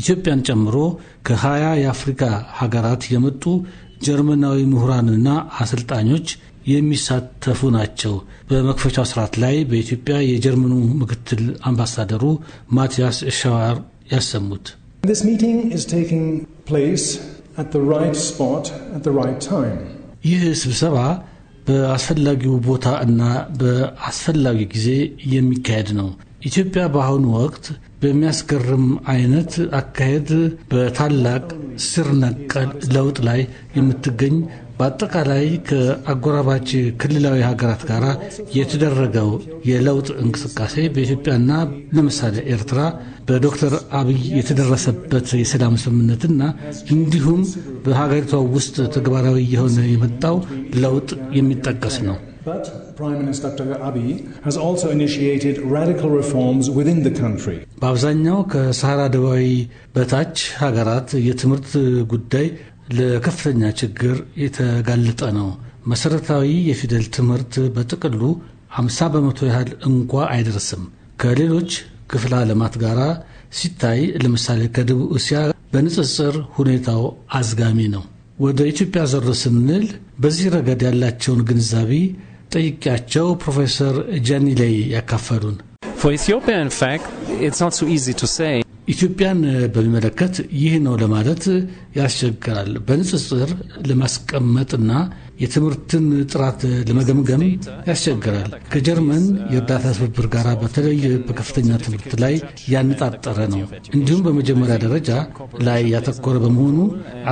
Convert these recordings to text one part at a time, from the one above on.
ኢትዮጵያን ጨምሮ ከሀያ የአፍሪካ ሀገራት የመጡ ጀርመናዊ ምሁራንና አሰልጣኞች የሚሳተፉ ናቸው። በመክፈቻው ስርዓት ላይ በኢትዮጵያ የጀርመኑ ምክትል አምባሳደሩ ማቲያስ ሸዋር ያሰሙት ይህ ስብሰባ በአስፈላጊው ቦታ እና በአስፈላጊ ጊዜ የሚካሄድ ነው። ኢትዮጵያ በአሁኑ ወቅት በሚያስገርም አይነት አካሄድ በታላቅ ስር ነቀል ለውጥ ላይ የምትገኝ በአጠቃላይ ከአጎራባች ክልላዊ ሀገራት ጋር የተደረገው የለውጥ እንቅስቃሴ በኢትዮጵያና ለምሳሌ ኤርትራ በዶክተር አብይ የተደረሰበት የሰላም ስምምነትና እንዲሁም በሀገሪቷ ውስጥ ተግባራዊ የሆነ የመጣው ለውጥ የሚጠቀስ ነው። በአብዛኛው ከሰሃራ ደቡባዊ በታች ሀገራት የትምህርት ጉዳይ ለከፍተኛ ችግር የተጋለጠ ነው። መሰረታዊ የፊደል ትምህርት በጥቅሉ 50 በመቶ ያህል እንኳ አይደርስም። ከሌሎች ክፍለ ዓለማት ጋር ሲታይ ለምሳሌ ከደቡብ እስያ በንጽጽር ሁኔታው አዝጋሚ ነው። ወደ ኢትዮጵያ ዞር ስንል በዚህ ረገድ ያላቸውን ግንዛቤ ጠይቄያቸው ፕሮፌሰር ላይ ያካፈሉን ኢትዮጵያን በሚመለከት ይህ ነው ለማለት ያስቸግራል። በንጽጽር ለማስቀመጥና የትምህርትን ጥራት ለመገምገም ያስቸግራል። ከጀርመን የእርዳታ ትብብር ጋር በተለይ በከፍተኛ ትምህርት ላይ ያነጣጠረ ነው፣ እንዲሁም በመጀመሪያ ደረጃ ላይ ያተኮረ በመሆኑ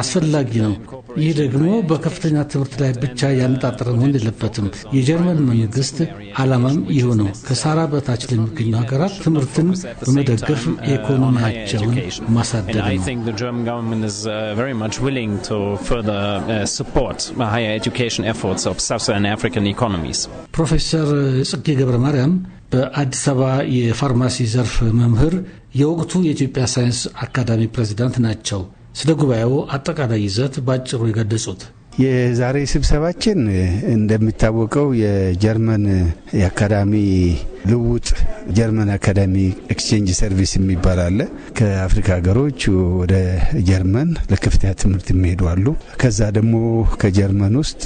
አስፈላጊ ነው። ይህ ደግሞ በከፍተኛ ትምህርት ላይ ብቻ ያነጣጠረ መሆን የለበትም። የጀርመን መንግስት ዓላማም ይሁ ነው። ከሳራ በታች ለሚገኙ ሀገራት ትምህርትን በመደገፍ የኢኮኖሚያቸውን ማሳደግ ነው። ፕሮፌሰር ጽጌ ገብረ ማርያም በአዲስ አበባ የፋርማሲ ዘርፍ መምህር፣ የወቅቱ የኢትዮጵያ ሳይንስ አካዳሚ ፕሬዚዳንት ናቸው። ስለ ጉባኤው አጠቃላይ ይዘት በአጭሩ የገለጹት የዛሬ ስብሰባችን እንደሚታወቀው የጀርመን የአካዳሚ ልውጥ ጀርመን አካዳሚ ኤክስቼንጅ ሰርቪስ የሚባል አለ። ከአፍሪካ ሀገሮች ወደ ጀርመን ለከፍተኛ ትምህርት የሚሄዱ አሉ። ከዛ ደግሞ ከጀርመን ውስጥ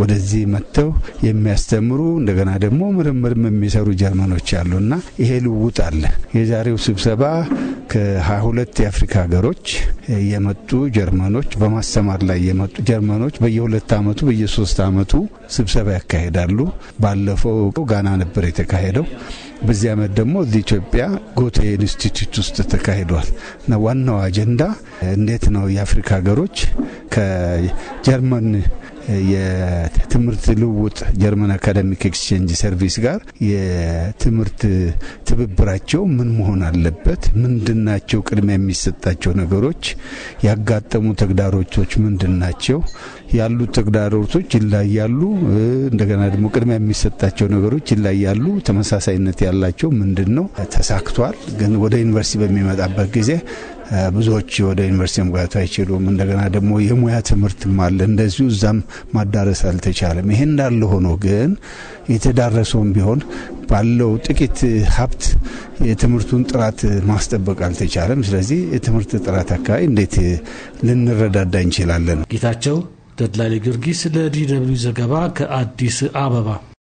ወደዚህ መጥተው የሚያስተምሩ እንደገና ደግሞ ምርምርም የሚሰሩ ጀርመኖች አሉ እና ይሄ ልውጥ አለ። የዛሬው ስብሰባ ከ22 የአፍሪካ ሀገሮች የመጡ ጀርመኖች በማስተማር ላይ የመጡ ጀርመኖች በየሁለት አመቱ በየሶስት አመቱ ስብሰባ ያካሄዳሉ። ባለፈው ጋና ነበር የተካሄደው። በዚህ አመት ደግሞ እዚህ ኢትዮጵያ ጎቴ ኢንስቲትዩት ውስጥ ተካሂዷል እና ዋናው አጀንዳ እንዴት ነው የአፍሪካ ሀገሮች ከጀርመን የትምህርት ልውውጥ ጀርመን አካዳሚክ ኤክስቼንጅ ሰርቪስ ጋር የትምህርት ትብብራቸው ምን መሆን አለበት? ምንድናቸው ቅድሚያ የሚሰጣቸው ነገሮች? ያጋጠሙ ተግዳሮቶች ናቸው? ያሉ ተግዳሮቶች ይላያሉ? እንደገና ደግሞ ቅድሚያ የሚሰጣቸው ነገሮች ይላያሉ? ተመሳሳይነት ያላቸው ምንድን ነው? ተሳክቷል። ግን ወደ ዩኒቨርሲቲ በሚመጣበት ጊዜ ብዙዎች ወደ ዩኒቨርሲቲ መግባት አይችሉም። እንደገና ደግሞ የሙያ ትምህርትም አለ እንደዚሁ እዛም ማዳረስ አልተቻለም። ይሄ እንዳለ ሆኖ ግን የተዳረሰውም ቢሆን ባለው ጥቂት ሀብት የትምህርቱን ጥራት ማስጠበቅ አልተቻለም። ስለዚህ የትምህርት ጥራት አካባቢ እንዴት ልንረዳዳ እንችላለን? ጌታቸው ተድላሌ ጊዮርጊስ ለዲ ደብልዩ ዘገባ ከአዲስ አበባ